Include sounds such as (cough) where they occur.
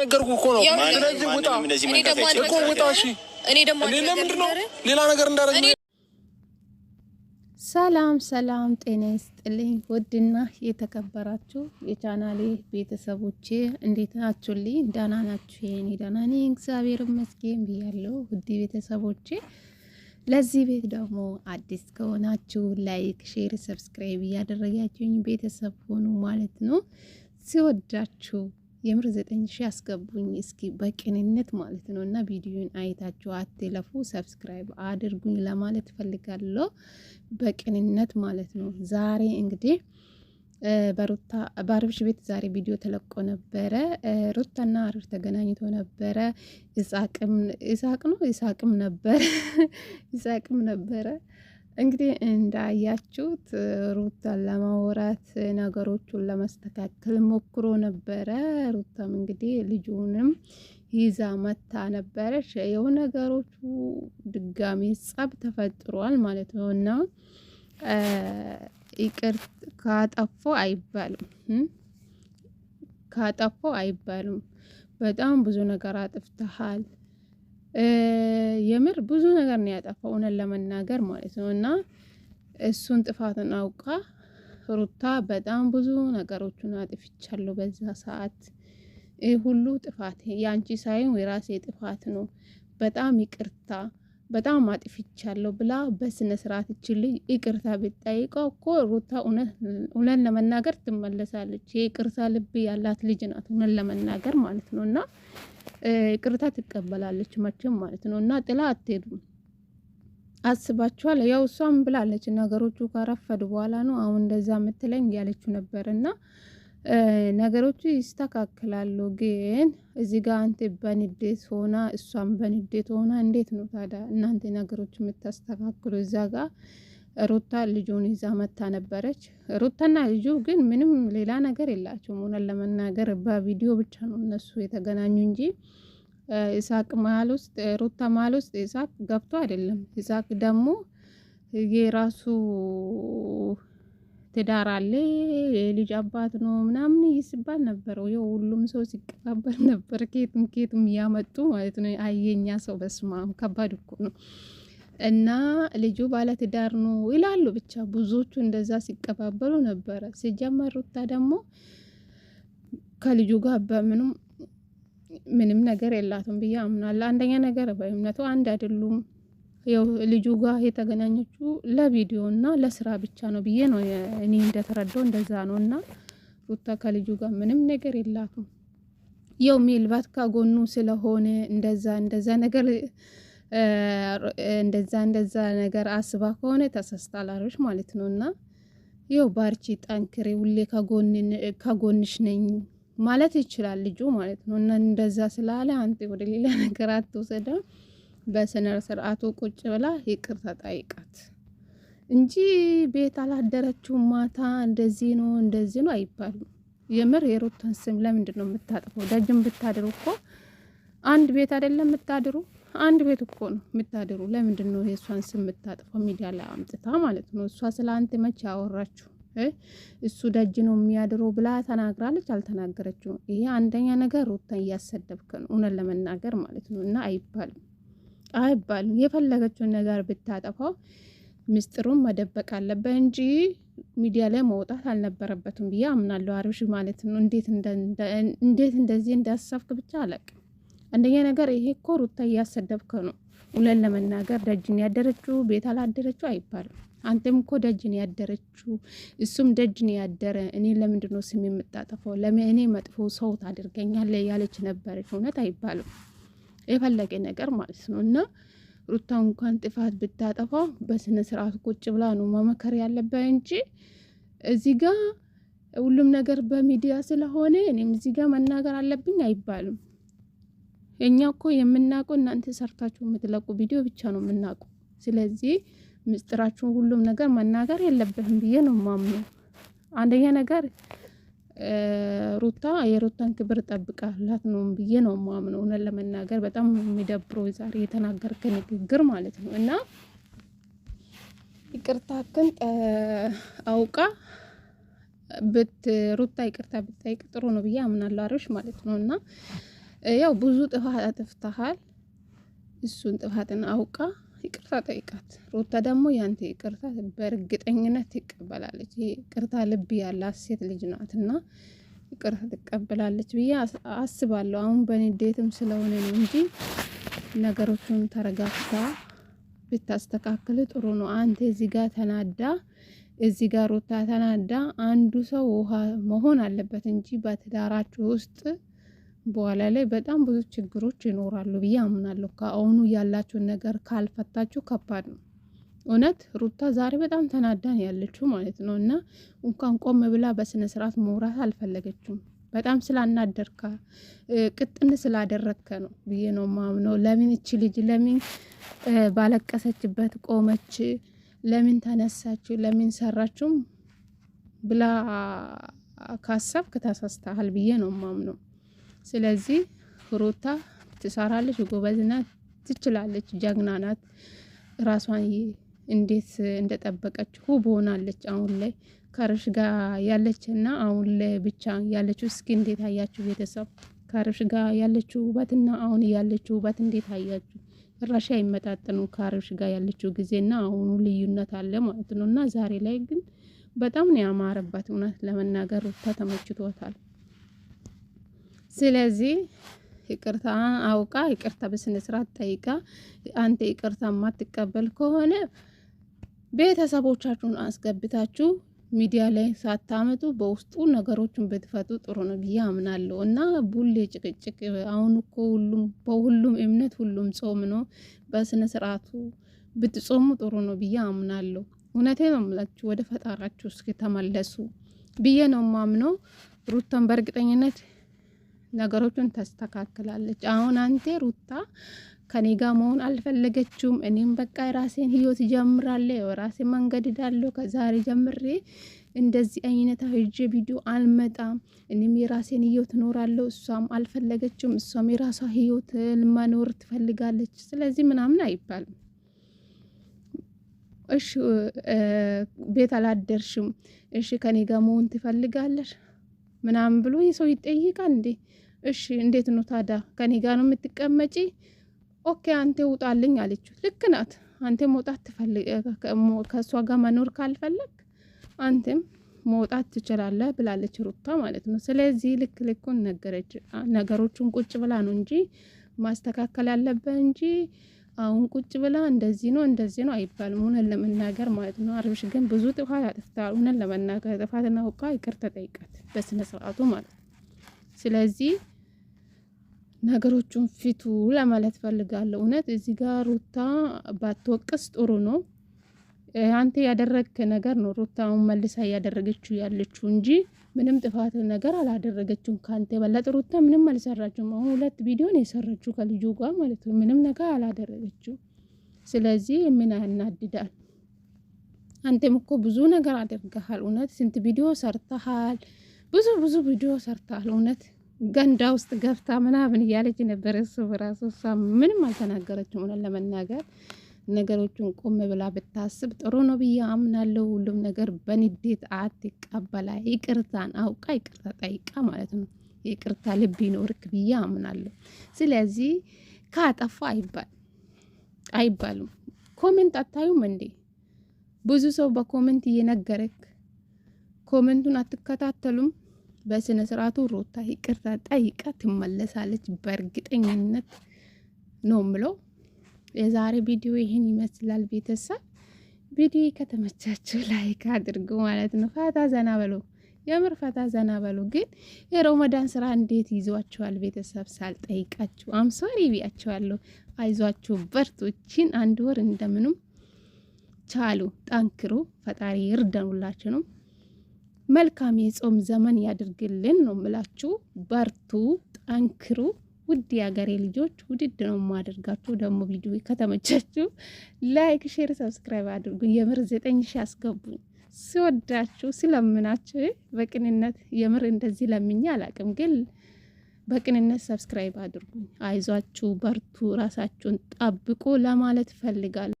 ነገርኩህ እኮ ነው ሌላ ነገር እንዳደረግ ሰላም ሰላም፣ ጤና ይስጥልኝ። ውድና የተከበራችሁ የቻናሌ ቤተሰቦቼ እንዴት ናችሁልኝ? ደህና ናችሁ? የኔ ደህና ነኝ እግዚአብሔር ይመስገን ብያለሁ። ውድ ቤተሰቦቼ ለዚህ ቤት ደግሞ አዲስ ከሆናችሁ ላይክ፣ ሼር፣ ሰብስክራይብ እያደረጋችሁኝ ቤተሰብ ሆኑ ማለት ነው። ሲወዳችሁ የምር ዘጠኝ ሺ አስገቡኝ እስኪ በቅንነት ማለት ነው። እና ቪዲዮን አይታችሁ አትለፉ፣ ሰብስክራይብ አድርጉኝ ለማለት ፈልጋለሁ። በቅንነት ማለት ነው። ዛሬ እንግዲህ በሩታ በአብርሽ ቤት ዛሬ ቪዲዮ ተለቆ ነበረ። ሩታና አብርሽ ተገናኝቶ ነበረ። ይሳቅም ነው ይሳቅም ነበረ ይሳቅም (laughs) ነበረ እንግዲህ እንዳያችሁት ሩታን ለማውራት ነገሮቹን ለመስተካከል ሞክሮ ነበረ። ሩታም እንግዲህ ልጁንም ይዛ መታ ነበረች። የው ነገሮቹ ድጋሚ ጸብ ተፈጥሯል ማለት ነው እና ይቅር ካጠፎ አይባልም ካጠፎ አይባልም። በጣም ብዙ ነገር አጥፍተሃል የምር ብዙ ነገር ነው ያጠፋው እውነት ለመናገር ማለት ነው። እና እሱን ጥፋትን አውቃ ሩታ በጣም ብዙ ነገሮችን አጥፍቻለሁ በዛ ሰዓት፣ ይህ ሁሉ ጥፋት የአንቺ ሳይሆን የራሴ ጥፋት ነው፣ በጣም ይቅርታ በጣም አጥፍቻለሁ ብላ በስነ ስርዓት ይችል ይቅርታ ብትጠይቀው እኮ ሩታ እውነት ለመናገር ትመለሳለች። የይቅርታ ልብ ያላት ልጅ ናት እውነት ለመናገር ማለት ነው እና ቅርታ ትቀበላለች መቼም ማለት ነው። እና ጥላ አትሄዱም። አስባችኋል። ያው እሷም ብላለች ነገሮቹ ከረፈዱ በኋላ ነው አሁን እንደዛ የምትለኝ ያለችው ነበር። እና ነገሮቹ ይስተካክላሉ ግን እዚህ ጋር አንተ በንዴት ሆና እሷም በንዴት ሆና እንዴት ነው ታዲያ እናንተ ነገሮች የምታስተካክሉ እዛ ጋር ሩታ ልጁን ይዛ መታ ነበረች። ሩታና ልጁ ግን ምንም ሌላ ነገር የላቸውም። ሆነን ለመናገር በቪዲዮ ብቻ ነው እነሱ የተገናኙ እንጂ ኢሳቅ መሀል ውስጥ ሩታ መሀል ውስጥ ኢሳቅ ገብቶ አይደለም። ኢሳቅ ደግሞ የራሱ ትዳር አለ የልጅ አባት ነው ምናምን ይስባል ነበረው። ይኸው ሁሉም ሰው ሲቀባበል ነበር። ኬትም ኬትም እያመጡ ማለት ነው። አየኛ ሰው በስማም ከባድ እኮ ነው። እና ልጁ ባለትዳር ነው ይላሉ። ብቻ ብዙዎቹ እንደዛ ሲቀባበሉ ነበረ። ሲጀመር ሩታ ደግሞ ከልጁ ጋር በምንም ምንም ነገር የላትም ብዬ አምናለሁ። አንደኛ ነገር በእምነቱ አንድ አይደሉም። ልጁ ጋር የተገናኘችው ለቪዲዮ እና ለስራ ብቻ ነው ብዬ ነው እኔ እንደተረዳው እንደዛ ነው። እና ሩታ ከልጁ ጋር ምንም ነገር የላትም። የው ሜልባት ከጎኑ ስለሆነ እንደዛ እንደዛ ነገር እንደዛ እንደዛ ነገር አስባ ከሆነ ተሳስታል ማለት ነው። እና ይኸው ባርቺ፣ ጠንክሬ ሁሌ ከጎንሽ ነኝ ማለት ይችላል ልጁ ማለት ነው። እና እንደዛ ስላለ አንተ ወደ ሌላ (laughs) ነገር አትወሰደም። በስነ ስርዓቱ ቁጭ ብላ ይቅርታ ጠይቃት እንጂ ቤት አላደረችው ማታ እንደዚህ ነው እንደዚህ ነው አይባልም። የምር የሩትን ስም ለምንድን ነው የምታጥፈው? ደጅም ብታድሩ እኮ አንድ ቤት አይደለም የምታድሩ አንድ ቤት እኮ ነው የምታድሩ። ለምንድን ነው የእሷን ስም የምታጥፈው? ሚዲያ ላይ አምጥታ ማለት ነው። እሷ ስለ አንተ መቼ አወራችሁ? እሱ ደጅ ነው የሚያድረው ብላ ተናግራለች። አልተናገረችው። ይሄ አንደኛ ነገር፣ ሩታን እያሰደብክ ነው እውነት ለመናገር ማለት ነው። እና አይባልም፣ አይባልም። የፈለገችውን ነገር ብታጠፋው ምስጢሩን መደበቅ አለበት እንጂ ሚዲያ ላይ መውጣት አልነበረበትም ብዬ አምናለሁ። አብርሽ ማለት ነው። እንዴት እንደዚህ እንዳሰብክ ብቻ አለቅ አንደኛ ነገር ይሄ እኮ ሩታ እያሰደብከ ነው። ሁለን ለመናገር ደጅን ያደረችው ቤት አላደረችው አይባልም። አንተም እኮ ደጅን ያደረችው እሱም ደጅን ያደረ እኔ ለምንድን ነው ስም የምታጠፈው? ለምን እኔ መጥፎ ሰው ታደርገኛለህ? ያለች ነበረች። እውነት አይባልም የፈለገ ነገር ማለት ነው እና ሩታ እንኳን ጥፋት ብታጠፋ በስነ ስርዓት ቁጭ ብላ ነው መመከር ያለበት እንጂ እዚህ ጋ ሁሉም ነገር በሚዲያ ስለሆነ እኔም እዚህ ጋ መናገር አለብኝ አይባልም። እኛ እኮ የምናውቀው እናንተ ሰርታችሁ የምትለቁ ቪዲዮ ብቻ ነው የምናውቀው። ስለዚህ ምስጢራችሁን ሁሉም ነገር መናገር የለብህም ብዬ ነው ማምነው። አንደኛ ነገር ሩታ የሩታን ክብር ጠብቃላት ነው ብዬ ነው ማምነው። እውነት ለመናገር በጣም የሚደብረው ዛሬ የተናገርከ ንግግር ማለት ነው እና ይቅርታክን አውቃ ብት ሩታ ይቅርታ ብታይቅ ጥሩ ነው ብዬ አምናለሁ። አብርሽ ማለት ነው እና ያው ብዙ ጥፋት አጥፍተሃል፣ እሱን ጥፋትን አውቃ ይቅርታ ጠይቃት። ሩታ ደግሞ ያንተ ይቅርታ በእርግጠኝነት ትቀበላለች። ይቅርታ ልብ ያላት ሴት ልጅ ናትና ይቅርታ ትቀበላለች ብዬ አስባለሁ። አሁን በንዴትም ስለሆነ ነው እንጂ ነገሮቹን ተረጋግታ ብታስተካክል ጥሩ ነው። አንተ እዚህ ጋር ተናዳ እዚህ ጋር ሩታ ተናዳ፣ አንዱ ሰው ውሃ መሆን አለበት እንጂ በትዳራችሁ ውስጥ በኋላ ላይ በጣም ብዙ ችግሮች ይኖራሉ ብዬ አምናለሁ። ከአሁኑ ያላችሁን ነገር ካልፈታችሁ ከባድ ነው። እውነት ሩታ ዛሬ በጣም ተናዳን ያለችው ማለት ነው። እና እንኳን ቆም ብላ በስነ ስርዓት መውራት አልፈለገችም። በጣም ስላናደርካ ቅጥን ስላደረግከ ነው ብዬ ነው ማምነው። ለምን እች ልጅ ለምን ባለቀሰችበት ቆመች? ለምን ተነሳች? ለምን ሰራችም ብላ ካሰብክ ተሳስተሃል ብዬ ነው ማምነው። ስለዚህ ሩታ ትሰራለች፣ ጎበዝ ናት፣ ትችላለች፣ ጀግና ናት። ራሷን እንዴት እንደጠበቀች ውብ ሆናለች። አሁን ላይ ከርሽ ጋር ያለች እና አሁን ላይ ብቻ ያለችው እስኪ እንዴት አያችሁ ቤተሰብ? ከርሽ ጋር ያለችው ውበትና አሁን ያለችው ውበት እንዴት አያችሁ? ራሽ ይመጣጠኑ ከርሽ ጋር ያለችው ጊዜና አሁኑ ልዩነት አለ ማለት ነው። እና ዛሬ ላይ ግን በጣም ነው ያማረባት። እውነት ለመናገር ሩታ ተመችቶታል። ስለዚህ ይቅርታ አውቃ ይቅርታ በስነ ስርዓት ጠይቃ፣ አንተ ይቅርታ ማትቀበል ከሆነ ቤተሰቦቻችሁን አስገብታችሁ ሚዲያ ላይ ሳታመጡ በውስጡ ነገሮችን ብትፈቱ ጥሩ ነው ብዬ አምናለሁ። እና ቡሌ ጭቅጭቅ አሁን እኮ ሁሉም በሁሉም እምነት ሁሉም ጾም ነው። በስነ ስርዓቱ ብትጾሙ ጥሩ ነው ብዬ አምናለሁ። እውነቴ ነው የምላችሁ ወደ ፈጣራችሁ እስኪ ተመለሱ ብዬ ነው ማምነው። ሩታን በእርግጠኝነት ነገሮቹን ተስተካክላለች። አሁን አንቴ ሩታ ከኔ ጋር መሆን አልፈለገችውም። እኔም በቃ የራሴን ህይወት ጀምራለሁ፣ የራሴ መንገድ ሄዳለሁ። ከዛሬ ጀምሬ እንደዚህ አይነት ህጅ ቪዲዮ አልመጣም። እኔም የራሴን ህይወት እኖራለሁ። እሷም አልፈለገችውም። እሷም የራሷ ህይወት መኖር ትፈልጋለች። ስለዚህ ምናምን አይባልም። እሺ ቤት አላደርሽም፣ እሺ ከኔ ጋር መሆን ትፈልጋለሽ ምናምን ብሎ የሰው ይጠይቃል እንዴ? እሺ እንዴት ነው ታዲያ ከኔ ጋር ነው የምትቀመጪ? ኦኬ አንተ ውጣልኝ አለችው። ልክ ናት። አንተ መውጣት ትፈልግ ከእሷ ጋር መኖር ካልፈለግ አንተም መውጣት ትችላለህ ብላለች ሩታ ማለት ነው። ስለዚህ ልክ ልኩን ነገረች። ነገሮቹን ቁጭ ብላ ነው እንጂ ማስተካከል ያለበት እንጂ አሁን ቁጭ ብላ እንደዚህ ነው እንደዚህ ነው አይባልም። እውነን ለመናገር ማለት ነው። አብርሽ ግን ብዙ ጥፋት አጥፍታል። እውነን ለመናገር ጥፋትና ውቃ ይቅር ተጠይቃት በስነ ስርዓቱ ማለት ነው። ስለዚህ ነገሮቹን ፊቱ ለማለት ፈልጋለሁ። እውነት እዚህ ጋር ሩታ ባትወቅስ ጥሩ ነው። አንተ ያደረግክ ነገር ነው ሩታውን መልሳ እያደረገችው ያለችው እንጂ ምንም ጥፋት ነገር አላደረገችውም። ከአንተ በለጥ ሩታ ምንም አልሰራችውም። አሁን ሁለት ቪዲዮ ነው የሰራችው ከልጁ ጋር ማለት ነው። ምንም ነገር አላደረገችው። ስለዚህ ምን ያናድዳል? አንተም እኮ ብዙ ነገር አድርገሃል። እውነት ስንት ቪዲዮ ሰርተሃል። ብዙ ብዙ ቪዲዮ ሰርተሃል እውነት ገንዳ ውስጥ ገብታ ምናምን እያለች ነበር። እሱ በራሱ እሷ ምንም አልተናገረችም። ሆነ ለመናገር ነገሮቹን ቆም ብላ ብታስብ ጥሩ ነው ብዬ አምናለሁ። ሁሉም ነገር በንዴት አትቀበላ፣ ይቅርታን አውቃ ይቅርታ ጠይቃ ማለት ነው። ይቅርታ ልብ ይኖርክ ብዬ አምናለሁ። ስለዚህ ካጠፋ አይባል አይባልም። ኮሜንት አታዩም እንዴ? ብዙ ሰው በኮሜንት እየነገረክ ኮሜንቱን አትከታተሉም። በስነ ስርዓቱ ሩታ ይቅርታ ጠይቃ ትመለሳለች በእርግጠኝነት ነው ምለው። የዛሬ ቪዲዮ ይህን ይመስላል። ቤተሰብ ቪዲዮ ከተመቻችሁ ላይክ አድርጉ ማለት ነው። ፈታ ዘና በሉ፣ የምር ፈታ ዘና በሉ። ግን የሮመዳን ስራ እንዴት ይዟችኋል? ቤተሰብ ሳልጠይቃችሁ አምሶሪ ብያችኋለሁ። አይዟችሁ፣ በርቶችን አንድ ወር እንደምንም ቻሉ፣ ጠንክሩ፣ ፈጣሪ ይርደኑላችሁ ነው መልካም የጾም ዘመን ያድርግልን ነው ምላችሁ። በርቱ፣ ጠንክሩ። ውድ የሀገሬ ልጆች ውድድ ነው የማደርጋችሁ። ደግሞ ቪዲዮ ከተመቻችሁ ላይክ፣ ሼር፣ ሰብስክራይብ አድርጉኝ። የምር ዘጠኝ ሺ አስገቡኝ። ሲወዳችሁ ስለምናችሁ በቅንነት የምር እንደዚህ ለምኛ አላቅም፣ ግን በቅንነት ሰብስክራይብ አድርጉኝ። አይዟችሁ፣ በርቱ፣ ራሳችሁን ጠብቁ ለማለት እፈልጋለሁ።